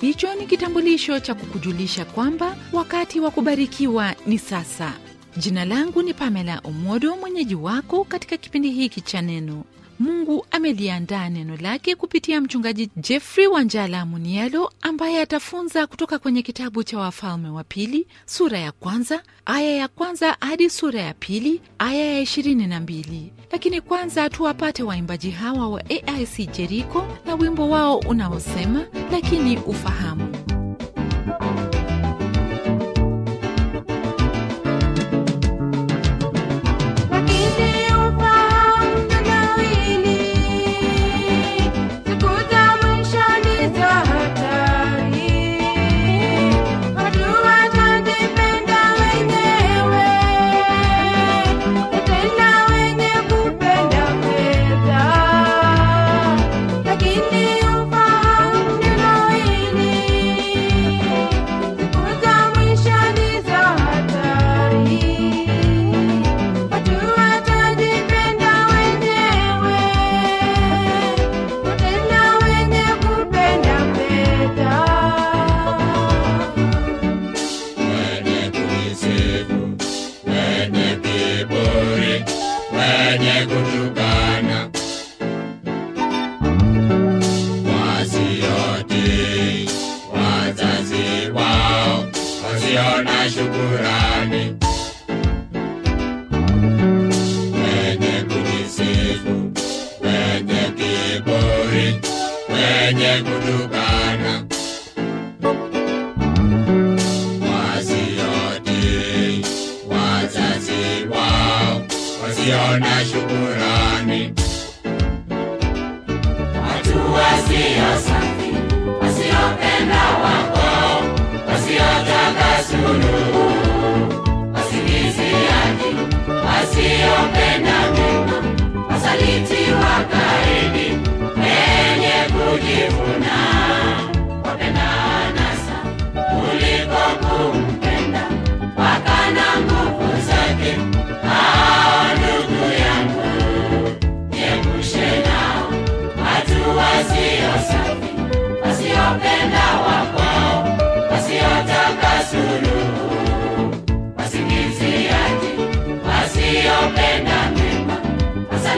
Hicho ni kitambulisho cha kukujulisha kwamba wakati wa kubarikiwa ni sasa. Jina langu ni Pamela Omodo, mwenyeji wako katika kipindi hiki cha Neno. Mungu ameliandaa neno lake kupitia mchungaji Jeffrey Wanjala munialo ambaye atafunza kutoka kwenye kitabu cha Wafalme wa Pili sura ya kwanza aya ya kwanza hadi sura ya pili aya ya ishirini na mbili lakini kwanza tuwapate waimbaji hawa wa AIC Jeriko na wimbo wao unaosema lakini ufahamu. wenye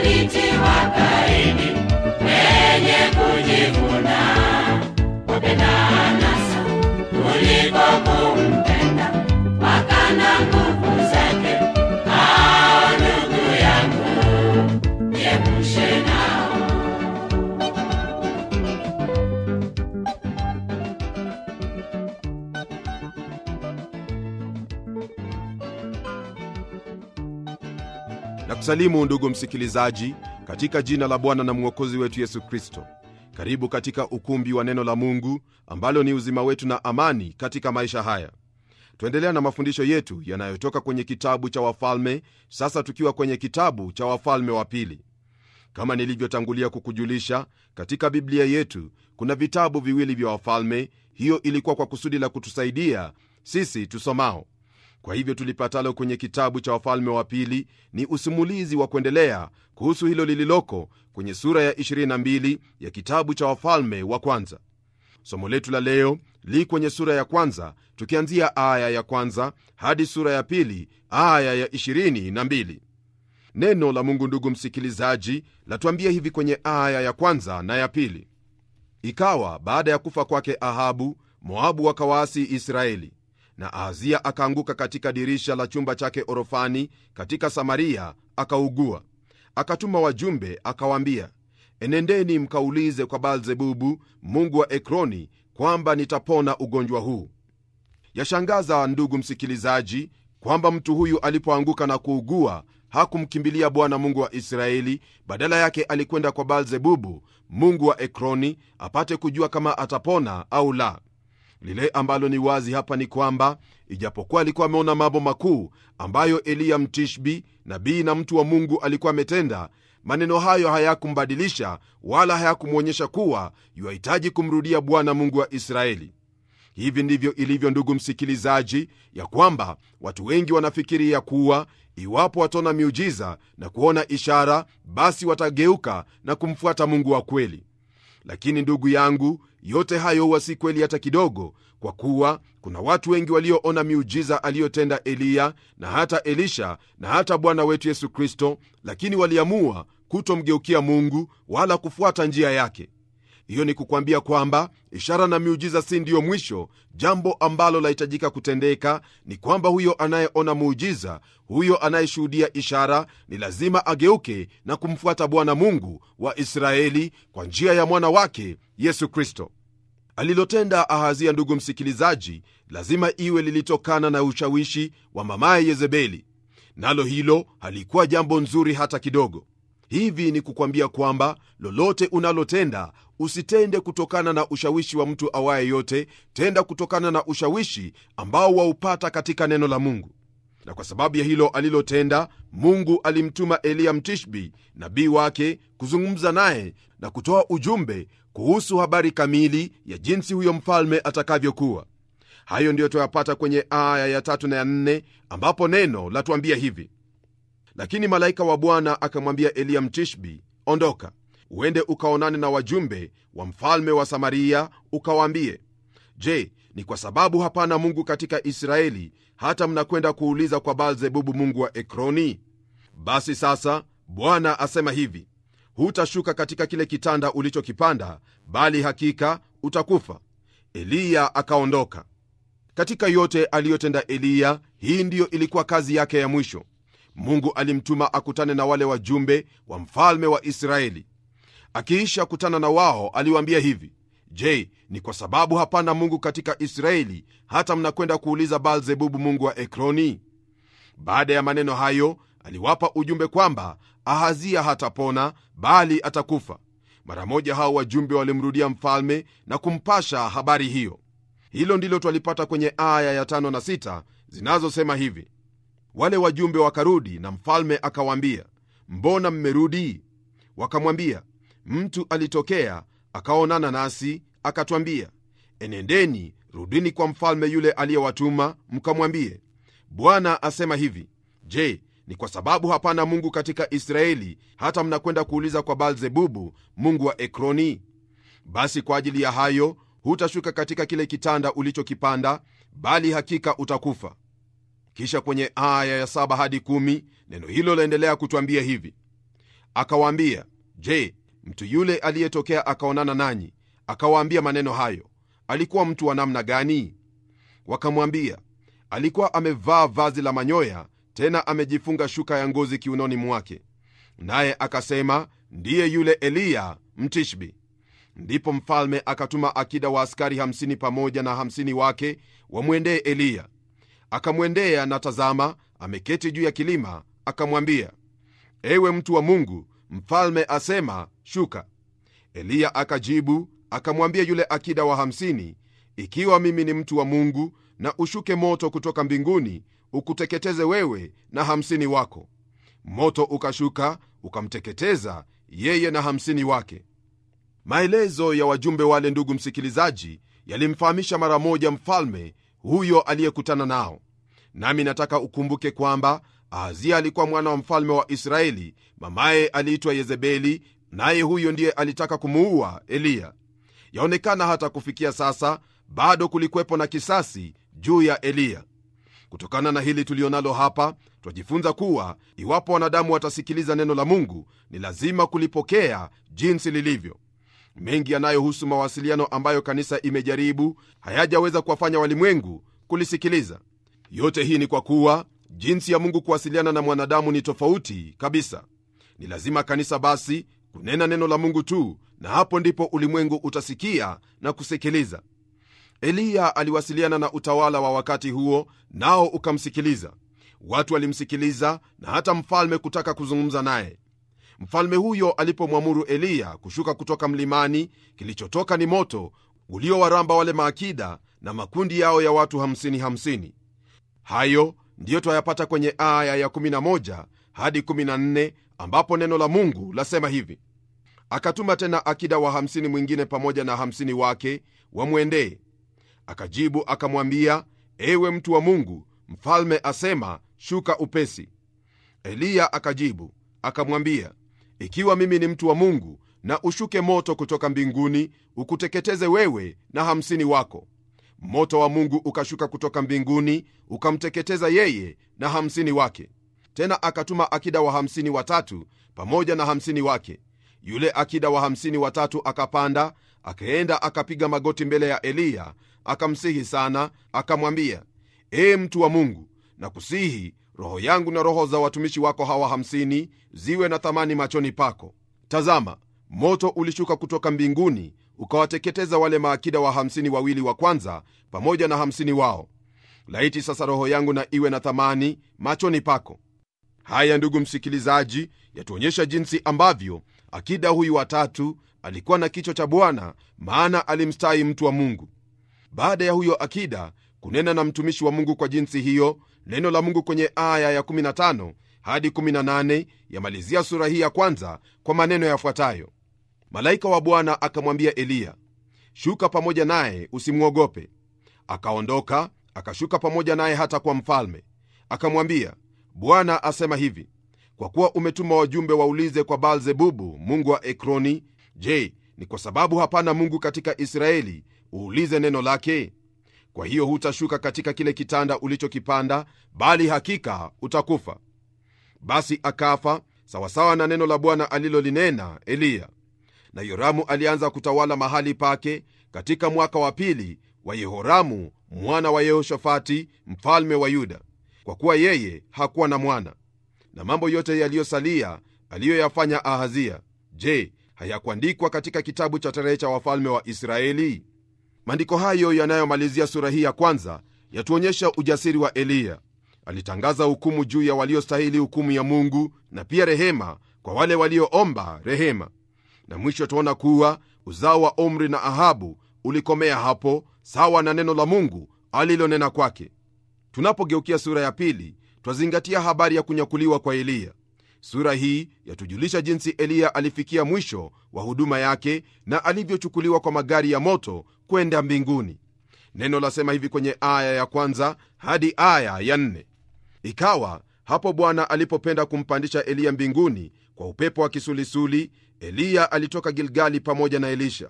walitiwa kaini wenye kujivuna wapenda anasa kuliko kumta salimu ndugu msikilizaji, katika jina la Bwana na Mwokozi wetu Yesu Kristo. Karibu katika ukumbi wa neno la Mungu ambalo ni uzima wetu na amani katika maisha haya. Twaendelea na mafundisho yetu yanayotoka kwenye kitabu cha Wafalme, sasa tukiwa kwenye kitabu cha Wafalme wa Pili. Kama nilivyotangulia kukujulisha, katika Biblia yetu kuna vitabu viwili vya Wafalme. Hiyo ilikuwa kwa kusudi la kutusaidia sisi tusomao. Kwa hivyo tulipatalo kwenye kitabu cha Wafalme wa Pili ni usimulizi wa kuendelea kuhusu hilo lililoko kwenye sura ya 22 ya kitabu cha Wafalme wa Kwanza. Somo letu la leo li kwenye sura ya kwanza tukianzia aya ya kwanza hadi sura ya pili aya ya 22. Neno la Mungu, ndugu msikilizaji, latuambia hivi kwenye aya ya kwanza na ya pili: ikawa baada ya kufa kwake Ahabu, Moabu wakawaasi Israeli na ahazia akaanguka katika dirisha la chumba chake orofani katika samaria akaugua akatuma wajumbe akawaambia enendeni mkaulize kwa baalzebubu mungu wa ekroni kwamba nitapona ugonjwa huu yashangaza ndugu msikilizaji kwamba mtu huyu alipoanguka na kuugua hakumkimbilia bwana mungu wa israeli badala yake alikwenda kwa baalzebubu mungu wa ekroni apate kujua kama atapona au la lile ambalo ni wazi hapa ni kwamba ijapokuwa alikuwa ameona mambo makuu ambayo Eliya Mtishbi, nabii na mtu wa Mungu, alikuwa ametenda, maneno hayo hayakumbadilisha wala hayakumwonyesha kuwa yuwahitaji kumrudia Bwana Mungu wa Israeli. Hivi ndivyo ilivyo, ndugu msikilizaji, ya kwamba watu wengi wanafikiri ya kuwa iwapo wataona miujiza na kuona ishara, basi watageuka na kumfuata Mungu wa kweli. Lakini ndugu yangu, yote hayo huwa si kweli hata kidogo, kwa kuwa kuna watu wengi walioona miujiza aliyotenda Eliya na hata Elisha na hata Bwana wetu Yesu Kristo, lakini waliamua kutomgeukia Mungu wala kufuata njia yake. Hiyo ni kukwambia kwamba ishara na miujiza si ndiyo mwisho. Jambo ambalo lahitajika kutendeka ni kwamba huyo anayeona muujiza, huyo anayeshuhudia ishara, ni lazima ageuke na kumfuata Bwana Mungu wa Israeli kwa njia ya mwana wake Yesu Kristo. Alilotenda Ahazia, ndugu msikilizaji, lazima iwe lilitokana na ushawishi wa mamaye Yezebeli, nalo hilo halikuwa jambo nzuri hata kidogo. Hivi ni kukwambia kwamba lolote unalotenda usitende kutokana na ushawishi wa mtu awaye yote, tenda kutokana na ushawishi ambao waupata katika neno la Mungu. Na kwa sababu ya hilo alilotenda, Mungu alimtuma Eliya Mtishbi, nabii wake, kuzungumza naye na kutoa ujumbe kuhusu habari kamili ya jinsi huyo mfalme atakavyokuwa. Hayo ndiyo toyapata kwenye aya ya tatu na ya nne, ambapo neno latuambia hivi lakini malaika wa Bwana akamwambia Eliya Mtishbi, ondoka uende ukaonane na wajumbe wa mfalme wa Samaria, ukawaambie, je, ni kwa sababu hapana Mungu katika Israeli hata mnakwenda kuuliza kwa Baalzebubu mungu wa Ekroni? Basi sasa Bwana asema hivi, hutashuka katika kile kitanda ulichokipanda, bali hakika utakufa. Eliya akaondoka. Katika yote aliyotenda Eliya, hii ndiyo ilikuwa kazi yake ya mwisho mungu alimtuma akutane na wale wajumbe wa mfalme wa israeli akiisha kutana na wao aliwaambia hivi je ni kwa sababu hapana mungu katika israeli hata mnakwenda kuuliza baalzebubu mungu wa ekroni baada ya maneno hayo aliwapa ujumbe kwamba ahazia hatapona bali atakufa mara moja hao wajumbe walimrudia mfalme na kumpasha habari hiyo hilo ndilo twalipata kwenye aya ya 56 na zinazosema hivi wale wajumbe wakarudi, na mfalme akawaambia, mbona mmerudi? Wakamwambia, mtu alitokea akaonana nasi akatwambia, enendeni, rudini kwa mfalme yule aliyewatuma mkamwambie, Bwana asema hivi, je, ni kwa sababu hapana Mungu katika Israeli hata mnakwenda kuuliza kwa Baalzebubu mungu wa Ekroni? Basi kwa ajili ya hayo hutashuka katika kile kitanda ulichokipanda, bali hakika utakufa. Kisha kwenye aya ya saba hadi kumi neno hilo laendelea kutwambia hivi: akawaambia, je, mtu yule aliyetokea akaonana nanyi akawaambia maneno hayo alikuwa mtu wa namna gani? Wakamwambia, alikuwa amevaa vazi la manyoya, tena amejifunga shuka ya ngozi kiunoni mwake, naye akasema ndiye yule Eliya Mtishbi. Ndipo mfalme akatuma akida wa askari hamsini pamoja na hamsini wake wamwendee Eliya akamwendea na tazama, ameketi juu ya kilima, akamwambia, ewe mtu wa Mungu, mfalme asema, shuka. Eliya akajibu akamwambia yule akida wa hamsini, ikiwa mimi ni mtu wa Mungu, na ushuke moto kutoka mbinguni ukuteketeze wewe na hamsini wako. Moto ukashuka ukamteketeza yeye na hamsini wake. Maelezo ya wajumbe wale, ndugu msikilizaji, yalimfahamisha mara moja mfalme huyo aliyekutana nao. Nami nataka ukumbuke kwamba Ahazia alikuwa mwana wa mfalme wa Israeli, mamaye aliitwa Yezebeli, naye huyo ndiye alitaka kumuua Eliya. Yaonekana hata kufikia sasa bado kulikuwepo na kisasi juu ya Eliya. Kutokana na hili tulionalo hapa, twajifunza kuwa iwapo wanadamu watasikiliza neno la Mungu, ni lazima kulipokea jinsi lilivyo mengi yanayohusu mawasiliano ambayo kanisa imejaribu hayajaweza kuwafanya walimwengu kulisikiliza. Yote hii ni kwa kuwa jinsi ya Mungu kuwasiliana na mwanadamu ni tofauti kabisa. Ni lazima kanisa basi kunena neno la Mungu tu, na hapo ndipo ulimwengu utasikia na kusikiliza. Eliya aliwasiliana na utawala wa wakati huo, nao ukamsikiliza. Watu walimsikiliza na hata mfalme kutaka kuzungumza naye, Mfalme huyo alipomwamuru Eliya kushuka kutoka mlimani, kilichotoka ni moto uliowaramba wale maakida na makundi yao ya watu hamsini hamsini. Hayo ndiyo twayapata kwenye aya ya 11 hadi 14, ambapo neno la Mungu lasema hivi: akatuma tena akida wa hamsini mwingine pamoja na hamsini wake wamwendee. Akajibu akamwambia, ewe mtu wa Mungu, mfalme asema, shuka upesi. Eliya akajibu akamwambia, ikiwa mimi ni mtu wa Mungu, na ushuke moto kutoka mbinguni ukuteketeze wewe na hamsini wako. Moto wa Mungu ukashuka kutoka mbinguni ukamteketeza yeye na hamsini wake. Tena akatuma akida wa hamsini watatu pamoja na hamsini wake. Yule akida wa hamsini watatu akapanda akaenda akapiga magoti mbele ya Eliya akamsihi sana, akamwambia, ee mtu wa Mungu, nakusihi roho yangu na roho za watumishi wako hawa hamsini ziwe na thamani machoni pako. Tazama, moto ulishuka kutoka mbinguni ukawateketeza wale maakida wa hamsini wawili wa kwanza pamoja na hamsini wao. Laiti sasa roho yangu na iwe na thamani machoni pako. Haya, ndugu msikilizaji, yatuonyesha jinsi ambavyo akida huyu watatu alikuwa na kichwa cha Bwana, maana alimstahi mtu wa Mungu. Baada ya huyo akida kunena na mtumishi wa Mungu kwa jinsi hiyo, Neno la Mungu kwenye aya ya 15 hadi 18 yamalizia sura hii ya kwanza kwa maneno yafuatayo: malaika wa Bwana akamwambia Eliya, shuka pamoja naye, usimwogope. Akaondoka akashuka pamoja naye hata kwa mfalme, akamwambia, Bwana asema hivi, kwa kuwa umetuma wajumbe waulize kwa Baalzebubu mungu wa Ekroni, je, ni kwa sababu hapana Mungu katika Israeli uulize neno lake? kwa hiyo hutashuka katika kile kitanda ulichokipanda, bali hakika utakufa. Basi akafa sawasawa na neno la Bwana alilolinena Eliya. Na Yoramu alianza kutawala mahali pake katika mwaka wa pili wa Yehoramu mwana wa Yehoshafati mfalme wa Yuda, kwa kuwa yeye hakuwa na mwana. Na mambo yote yaliyosalia aliyoyafanya Ahazia, je, hayakuandikwa katika kitabu cha tarehe cha wafalme wa Israeli? maandiko hayo yanayomalizia sura hii ya kwanza yatuonyesha ujasiri wa eliya alitangaza hukumu juu ya waliostahili hukumu ya mungu na pia rehema kwa wale walioomba rehema na mwisho tuona kuwa uzao wa omri na ahabu ulikomea hapo sawa na neno la mungu alilonena kwake tunapogeukia sura ya pili twazingatia habari ya kunyakuliwa kwa eliya sura hii yatujulisha jinsi eliya alifikia mwisho wa huduma yake na alivyochukuliwa kwa magari ya moto kwenda mbinguni neno lasema hivi kwenye aya ya kwanza hadi aya ya nne ikawa hapo bwana alipopenda kumpandisha eliya mbinguni kwa upepo wa kisulisuli eliya alitoka gilgali pamoja na elisha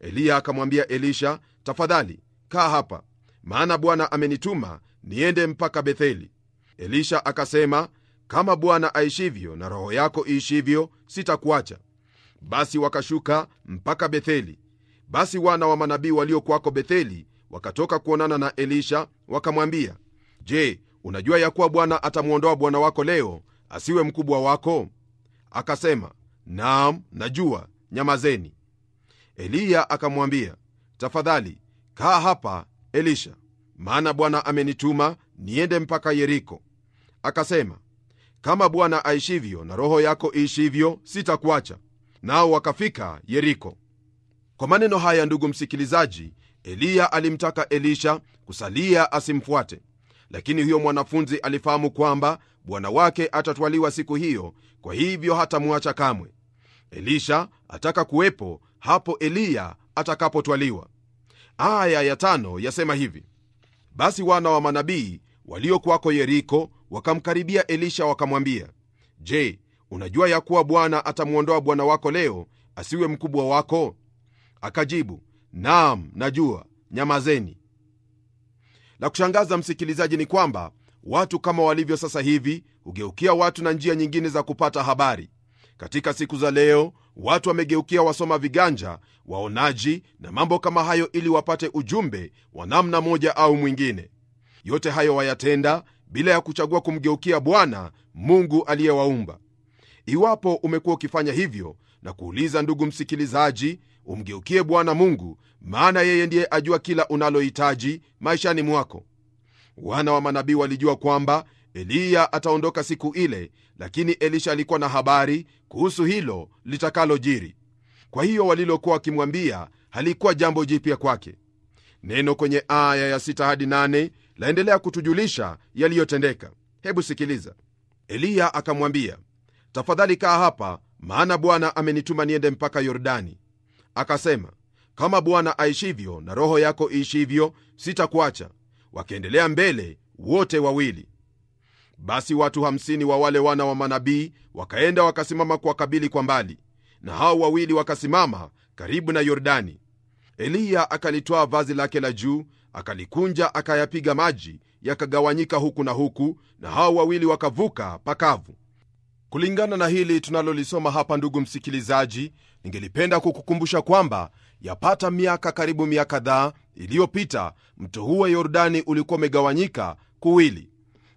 eliya akamwambia elisha tafadhali kaa hapa maana bwana amenituma niende mpaka betheli elisha akasema kama bwana aishivyo na roho yako iishivyo sitakuacha basi wakashuka mpaka betheli basi wana wa manabii waliokuwako Betheli wakatoka kuonana na Elisha, wakamwambia, Je, unajua ya kuwa Bwana atamwondoa bwana wako leo asiwe mkubwa wako? Akasema, nam najua, nyamazeni. Eliya akamwambia, tafadhali kaa hapa Elisha, maana Bwana amenituma niende mpaka Yeriko. Akasema, kama Bwana aishivyo na roho yako iishivyo, sitakuacha. Nao wakafika Yeriko kwa maneno haya ndugu msikilizaji eliya alimtaka elisha kusalia asimfuate lakini huyo mwanafunzi alifahamu kwamba bwana wake atatwaliwa siku hiyo kwa hivyo hatamwacha kamwe elisha ataka kuwepo hapo eliya atakapotwaliwa aya ya tano yasema hivi basi wana wa manabii waliokuwako yeriko wakamkaribia elisha wakamwambia je unajua ya kuwa bwana atamwondoa bwana wako leo asiwe mkubwa wako Akajibu, naam, najua, nyamazeni. La kushangaza msikilizaji, ni kwamba watu kama walivyo sasa hivi hugeukia watu na njia nyingine za kupata habari. Katika siku za leo, watu wamegeukia wasoma viganja, waonaji na mambo kama hayo, ili wapate ujumbe wa namna moja au mwingine. Yote hayo wayatenda bila ya kuchagua kumgeukia Bwana Mungu aliyewaumba. Iwapo umekuwa ukifanya hivyo, na kuuliza, ndugu msikilizaji, umgeukie Bwana Mungu, maana yeye ndiye ajua kila unalohitaji maishani mwako. Wana wa manabii walijua kwamba Eliya ataondoka siku ile, lakini Elisha alikuwa na habari kuhusu hilo litakalojiri. Kwa hiyo walilokuwa wakimwambia halikuwa jambo jipya kwake. Neno kwenye aya ya 6 hadi 8 laendelea kutujulisha yaliyotendeka. Hebu sikiliza. Eliya akamwambia, tafadhali kaa hapa maana Bwana amenituma niende mpaka Yordani. Akasema, kama Bwana aishivyo na roho yako iishivyo, sitakuacha. Wakaendelea mbele wote wawili. Basi watu hamsini wa wale wana wa manabii wakaenda wakasimama kwa kabili kwa mbali, na hao wawili wakasimama karibu na Yordani. Eliya akalitwaa vazi lake la juu akalikunja, akayapiga maji yakagawanyika huku na huku, na hao wawili wakavuka pakavu kulingana na hili tunalolisoma hapa, ndugu msikilizaji, ningelipenda kukukumbusha kwamba yapata miaka karibu miaka kadhaa iliyopita mto huo Yordani ulikuwa umegawanyika kuwili,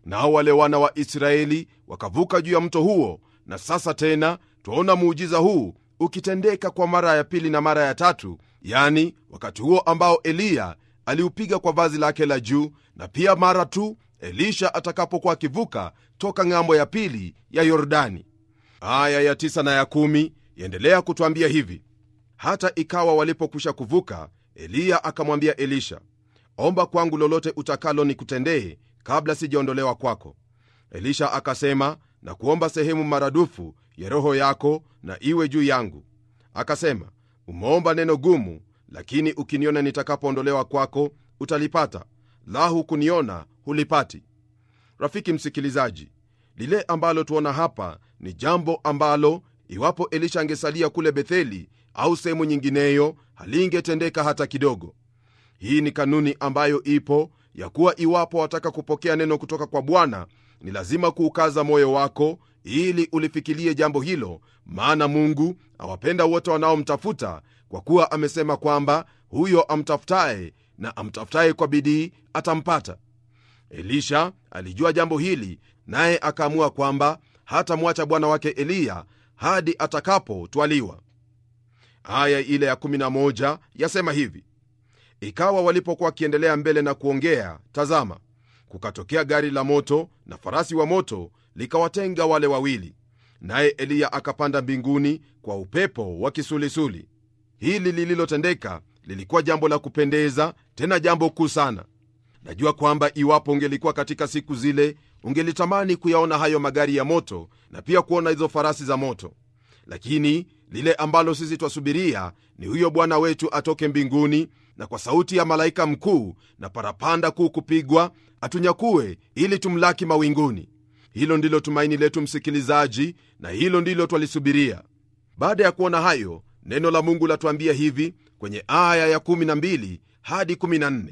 nao wale wana wa Israeli wakavuka juu ya mto huo, na sasa tena twaona muujiza huu ukitendeka kwa mara ya pili na mara ya tatu, yani wakati huo ambao Eliya aliupiga kwa vazi lake la juu, na pia mara tu Elisha atakapokuwa akivuka toka ng'ambo ya pili ya Yordani. Aya ya tisa na ya kumi yaendelea kutwambia hivi: hata ikawa walipokwisha kuvuka, Eliya akamwambia Elisha, omba kwangu lolote utakalo nikutendee, kabla sijaondolewa kwako. Elisha akasema, na kuomba sehemu maradufu ya roho yako na iwe juu yangu. Akasema, umeomba neno gumu, lakini ukiniona nitakapoondolewa kwako utalipata; la hukuniona hulipati. Rafiki msikilizaji, lile ambalo tuona hapa ni jambo ambalo iwapo Elisha angesalia kule Betheli au sehemu nyingineyo halingetendeka hata kidogo. Hii ni kanuni ambayo ipo ya kuwa iwapo wataka kupokea neno kutoka kwa Bwana ni lazima kuukaza moyo wako ili ulifikirie jambo hilo, maana Mungu awapenda wote wanaomtafuta, kwa kuwa amesema kwamba huyo amtafutaye na amtafutaye kwa bidii atampata. Elisha alijua jambo hili, naye akaamua kwamba hatamwacha bwana wake Eliya hadi atakapotwaliwa. Aya ile ya 11 yasema hivi: ikawa walipokuwa wakiendelea mbele na kuongea, tazama, kukatokea gari la moto na farasi wa moto, likawatenga wale wawili, naye Eliya akapanda mbinguni kwa upepo wa kisulisuli. Hili lililotendeka lilikuwa jambo la kupendeza, tena jambo kuu sana najua kwamba iwapo ungelikuwa katika siku zile ungelitamani kuyaona hayo magari ya moto na pia kuona hizo farasi za moto lakini lile ambalo sisi twasubiria ni huyo bwana wetu atoke mbinguni na kwa sauti ya malaika mkuu na parapanda kuu kupigwa atunyakue ili tumlaki mawinguni hilo ndilo tumaini letu msikilizaji na hilo ndilo twalisubiria baada ya kuona hayo neno la mungu latuambia hivi kwenye aya ya 12 hadi 14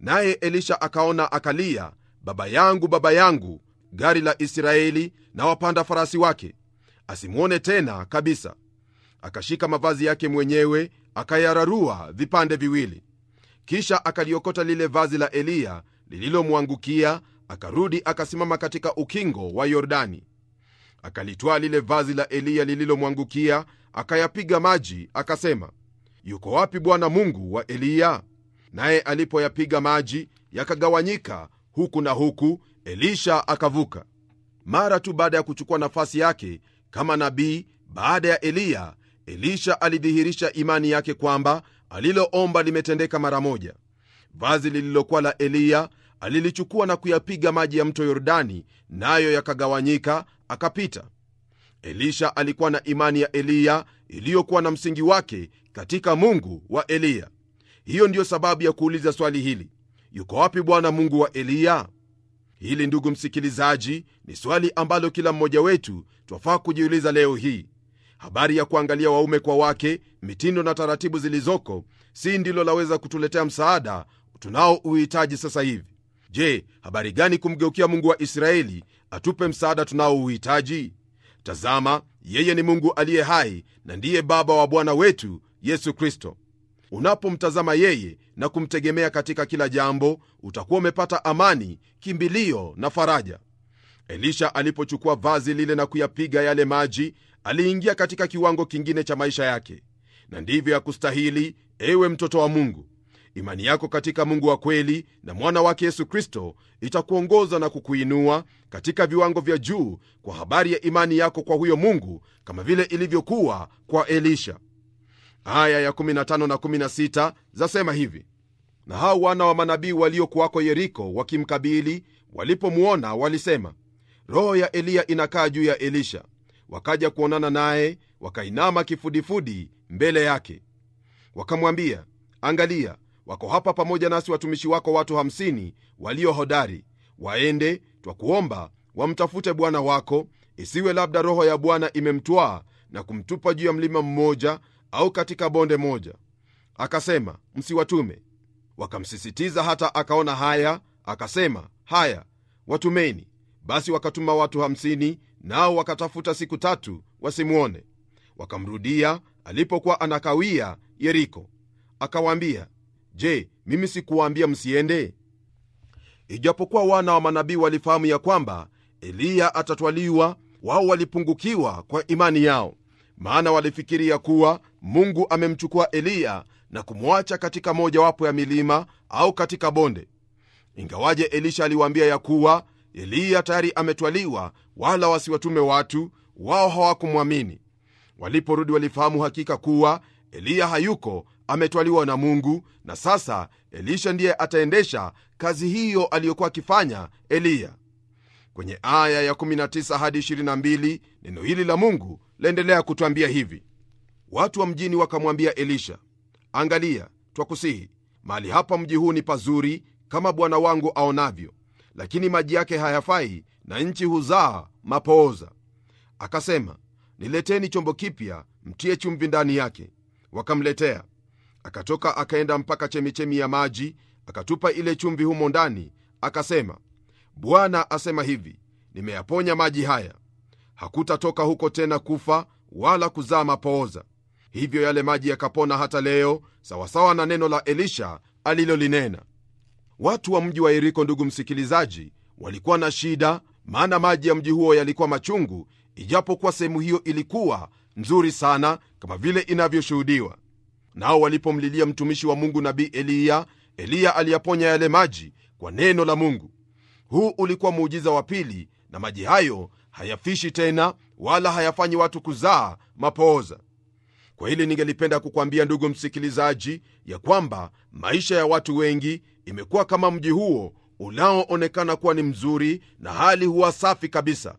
Naye Elisha akaona akalia, baba yangu, baba yangu, gari la Israeli na wapanda farasi wake, asimwone tena kabisa. Akashika mavazi yake mwenyewe akayararua vipande viwili, kisha akaliokota lile vazi la Eliya lililomwangukia, akarudi akasimama katika ukingo wa Yordani. Akalitwaa lile vazi la Eliya lililomwangukia, akayapiga maji, akasema, yuko wapi Bwana Mungu wa Eliya? Naye alipoyapiga maji yakagawanyika huku na huku, Elisha akavuka. Mara tu baada ya kuchukua nafasi yake kama nabii baada ya Eliya, Elisha alidhihirisha imani yake kwamba aliloomba limetendeka mara moja. Vazi lililokuwa la Eliya alilichukua na kuyapiga maji ya mto Yordani, nayo yakagawanyika, akapita. Elisha alikuwa na imani ya Eliya iliyokuwa na msingi wake katika Mungu wa Eliya hiyo ndiyo sababu ya kuuliza swali hili yuko wapi bwana mungu wa eliya hili ndugu msikilizaji ni swali ambalo kila mmoja wetu twafaa kujiuliza leo hii habari ya kuangalia waume kwa wake mitindo na taratibu zilizoko si ndilo laweza kutuletea msaada tunao uhitaji sasa hivi je habari gani kumgeukia mungu wa israeli atupe msaada tunao uhitaji tazama yeye ni mungu aliye hai na ndiye baba wa bwana wetu yesu kristo Unapomtazama yeye na kumtegemea katika kila jambo, utakuwa umepata amani, kimbilio na faraja. Elisha alipochukua vazi lile na kuyapiga yale maji, aliingia katika kiwango kingine cha maisha yake, na ndivyo ya kustahili. Ewe mtoto wa Mungu, imani yako katika Mungu wa kweli na mwana wake Yesu Kristo itakuongoza na kukuinua katika viwango vya juu kwa habari ya imani yako kwa huyo Mungu, kama vile ilivyokuwa kwa Elisha aya ya 15 na 16 zasema hivi na hao wana wa manabii waliokuwako Yeriko wakimkabili walipomwona walisema, roho ya Eliya inakaa juu ya Elisha. Wakaja kuonana naye, wakainama kifudifudi mbele yake, wakamwambia, angalia, wako hapa pamoja nasi watumishi wako watu 50 walio hodari. Waende, twakuomba, wamtafute bwana wako, isiwe labda roho ya Bwana imemtwaa na kumtupa juu ya mlima mmoja, au katika bonde moja. Akasema, msiwatume. Wakamsisitiza hata akaona haya, akasema, haya watumeni. Basi wakatuma watu hamsini, nao wakatafuta siku tatu wasimwone. Wakamrudia alipokuwa anakawia Yeriko. Akawaambia, je, mimi sikuwaambia msiende? Ijapokuwa wana wa manabii walifahamu ya kwamba Eliya atatwaliwa, wao walipungukiwa kwa imani yao, maana walifikiria kuwa Mungu amemchukua Eliya na kumwacha katika mojawapo ya milima au katika bonde, ingawaje Elisha aliwaambia ya kuwa Eliya tayari ametwaliwa, wala wasiwatume watu wao, hawakumwamini. Waliporudi walifahamu hakika kuwa Eliya hayuko, ametwaliwa na Mungu, na sasa Elisha ndiye ataendesha kazi hiyo aliyokuwa akifanya Eliya. Kwenye aya ya 19 hadi 22 neno hili la Mungu laendelea kutwambia hivi: Watu wa mjini wakamwambia Elisha, angalia, twakusihi, mahali hapa mji huu ni pazuri kama bwana wangu aonavyo, lakini maji yake hayafai na nchi huzaa mapooza. Akasema, nileteni chombo kipya mtie chumvi ndani yake. Wakamletea. Akatoka akaenda mpaka chemichemi ya maji, akatupa ile chumvi humo ndani, akasema, Bwana asema hivi, nimeyaponya maji haya, hakutatoka huko tena kufa wala kuzaa mapooza hivyo yale maji yakapona hata leo, sawasawa na neno la Elisha alilolinena. Watu wa mji wa Yeriko, ndugu msikilizaji, walikuwa na shida, maana maji ya mji huo yalikuwa machungu, ijapokuwa sehemu hiyo ilikuwa nzuri sana kama vile inavyoshuhudiwa. Nao walipomlilia mtumishi wa Mungu nabii Eliya, Eliya aliyaponya yale maji kwa neno la Mungu. Huu ulikuwa muujiza wa pili, na maji hayo hayafishi tena wala hayafanyi watu kuzaa mapooza. Kwa hili ningelipenda kukwambia ndugu msikilizaji, ya kwamba maisha ya watu wengi imekuwa kama mji huo unaoonekana kuwa ni mzuri na hali huwa safi kabisa.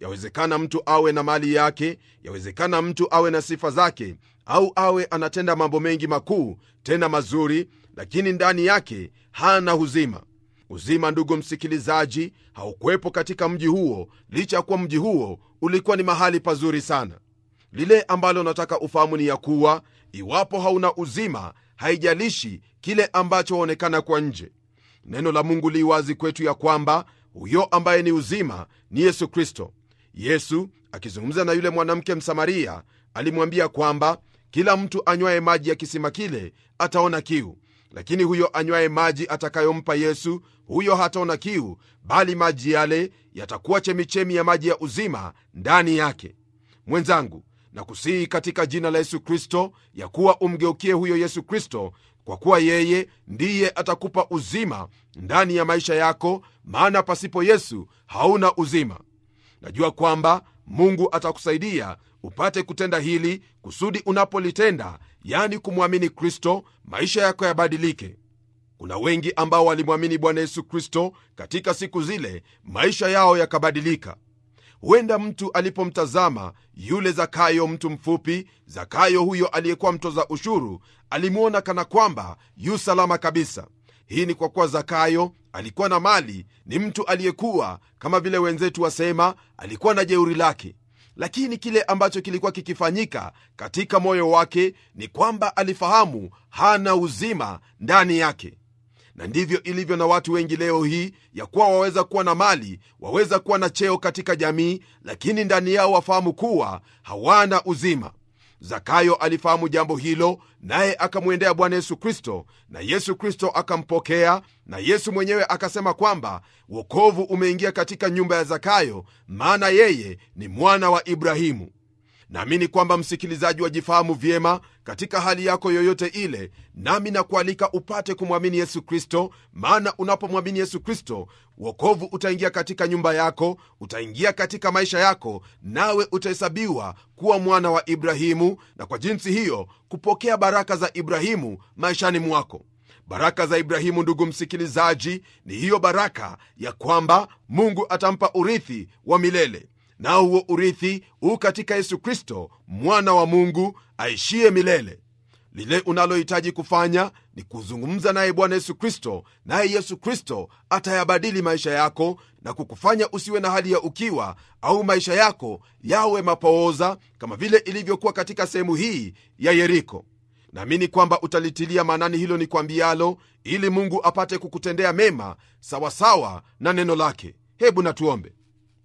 Yawezekana mtu awe na mali yake, yawezekana mtu awe na sifa zake, au awe anatenda mambo mengi makuu tena mazuri, lakini ndani yake hana huzima. Uzima, ndugu msikilizaji, haukuwepo katika mji huo, licha ya kuwa mji huo ulikuwa ni mahali pazuri sana lile ambalo nataka ufahamu ni ya kuwa iwapo hauna uzima haijalishi kile ambacho waonekana kwa nje neno la mungu li wazi kwetu ya kwamba huyo ambaye ni uzima ni yesu kristo yesu akizungumza na yule mwanamke msamaria alimwambia kwamba kila mtu anywaye maji ya kisima kile ataona kiu lakini huyo anywaye maji atakayompa yesu huyo hataona kiu bali maji yale yatakuwa chemichemi ya maji ya uzima ndani yake mwenzangu na kusihi katika jina la Yesu Kristo ya kuwa umgeukie huyo Yesu Kristo, kwa kuwa yeye ndiye atakupa uzima ndani ya maisha yako, maana pasipo Yesu hauna uzima. Najua kwamba Mungu atakusaidia upate kutenda hili kusudi unapolitenda, yani kumwamini Kristo, maisha yako yabadilike. Kuna wengi ambao walimwamini Bwana Yesu Kristo katika siku zile, maisha yao yakabadilika huenda mtu alipomtazama yule Zakayo, mtu mfupi, Zakayo huyo aliyekuwa mtoza ushuru, alimwona kana kwamba yu salama kabisa. Hii ni kwa kuwa Zakayo alikuwa na mali, ni mtu aliyekuwa kama vile wenzetu wasema, alikuwa na jeuri lake. Lakini kile ambacho kilikuwa kikifanyika katika moyo wake ni kwamba alifahamu hana uzima ndani yake na ndivyo ilivyo na watu wengi leo hii, ya kuwa waweza kuwa na mali, waweza kuwa na cheo katika jamii, lakini ndani yao wafahamu kuwa hawana uzima. Zakayo alifahamu jambo hilo, naye akamwendea Bwana Yesu Kristo, na Yesu Kristo akampokea, na Yesu mwenyewe akasema kwamba wokovu umeingia katika nyumba ya Zakayo, maana yeye ni mwana wa Ibrahimu naamini kwamba msikilizaji wajifahamu vyema katika hali yako yoyote ile, nami nakualika upate kumwamini Yesu Kristo, maana unapomwamini Yesu Kristo wokovu utaingia katika nyumba yako, utaingia katika maisha yako, nawe utahesabiwa kuwa mwana wa Ibrahimu, na kwa jinsi hiyo kupokea baraka za Ibrahimu maishani mwako. Baraka za Ibrahimu, ndugu msikilizaji, ni hiyo baraka ya kwamba Mungu atampa urithi wa milele nao huo urithi huu katika Yesu Kristo mwana wa Mungu aishiye milele. Lile unalohitaji kufanya ni kuzungumza naye Bwana Yesu Kristo, naye Yesu Kristo atayabadili maisha yako na kukufanya usiwe na hali ya ukiwa au maisha yako yawe mapooza kama vile ilivyokuwa katika sehemu hii ya Yeriko. Naamini kwamba utalitilia maanani hilo ni kwambialo, ili Mungu apate kukutendea mema sawasawa na neno lake. Hebu natuombe.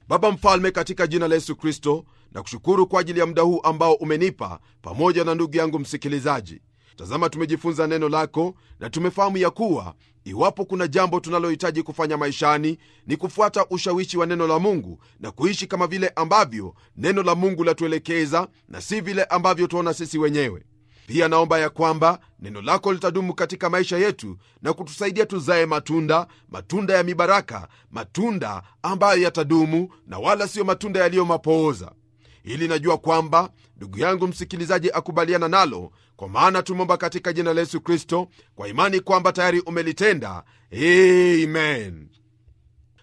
Baba Mfalme, katika jina la Yesu Kristo, na kushukuru kwa ajili ya muda huu ambao umenipa pamoja na ndugu yangu msikilizaji. Tazama, tumejifunza neno lako na tumefahamu ya kuwa iwapo kuna jambo tunalohitaji kufanya maishani ni kufuata ushawishi wa neno la Mungu na kuishi kama vile ambavyo neno la Mungu latuelekeza na si vile ambavyo tuona sisi wenyewe. Pia naomba ya kwamba neno lako litadumu katika maisha yetu na kutusaidia tuzaye matunda, matunda ya mibaraka, matunda ambayo yatadumu na wala siyo matunda yaliyomapooza. Ili najua kwamba ndugu yangu msikilizaji akubaliana nalo, kwa maana tumeomba katika jina la Yesu Kristo kwa imani kwamba tayari umelitenda. Amen.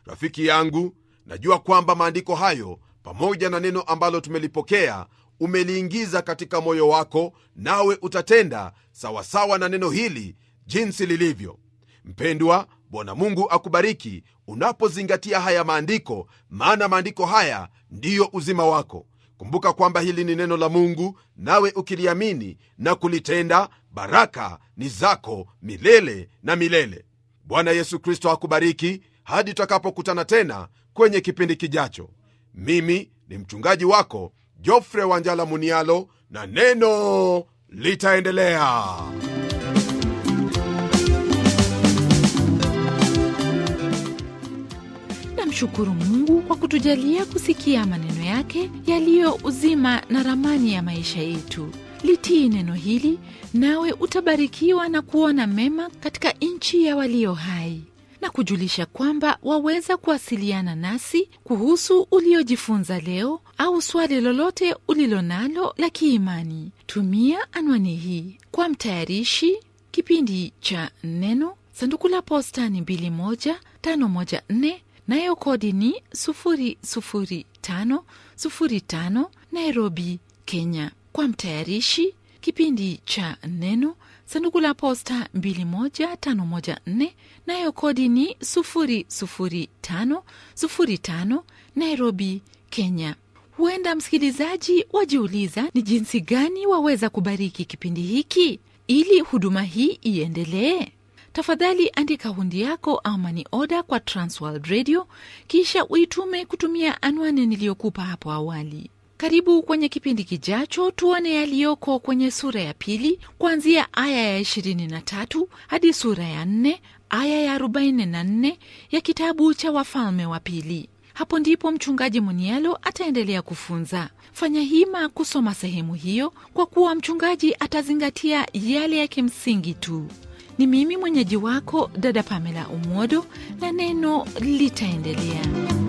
Rafiki yangu, najua kwamba maandiko hayo pamoja na neno ambalo tumelipokea umeliingiza katika moyo wako, nawe utatenda sawasawa na neno hili jinsi lilivyo. Mpendwa, Bwana Mungu akubariki unapozingatia haya maandiko, maana maandiko haya ndiyo uzima wako. Kumbuka kwamba hili ni neno la Mungu, nawe ukiliamini na kulitenda, baraka ni zako milele na milele. Bwana Yesu Kristo akubariki hadi tutakapokutana tena kwenye kipindi kijacho. Mimi ni mchungaji wako jofre wanjala munialo na neno litaendelea namshukuru mungu kwa kutujalia kusikia maneno yake yaliyo uzima na ramani ya maisha yetu litii neno hili nawe utabarikiwa na kuona mema katika nchi ya walio hai na kujulisha kwamba waweza kuwasiliana nasi kuhusu uliojifunza leo au swali lolote ulilo nalo la kiimani. Tumia anwani hii kwa mtayarishi kipindi cha Neno, sanduku la posta ni 21514 nayo kodi ni 00505 Nairobi, Kenya. Kwa mtayarishi kipindi cha Neno, sanduku la posta 21514 nayo kodi ni 00505 Nairobi, Kenya. Huenda msikilizaji wajiuliza ni jinsi gani waweza kubariki kipindi hiki ili huduma hii iendelee. Tafadhali andika hundi yako amani oda kwa Transworld Radio, kisha uitume kutumia anwani niliyokupa hapo awali. Karibu kwenye kipindi kijacho, tuone yaliyoko kwenye sura ya pili kuanzia aya ya 23 hadi sura ya 4 aya ya 44 ya kitabu cha Wafalme wa Pili. Hapo ndipo mchungaji Munialo ataendelea kufunza. Fanya hima kusoma sehemu hiyo, kwa kuwa mchungaji atazingatia yale ya kimsingi tu. Ni mimi mwenyeji wako dada Pamela Umodo, na neno litaendelea.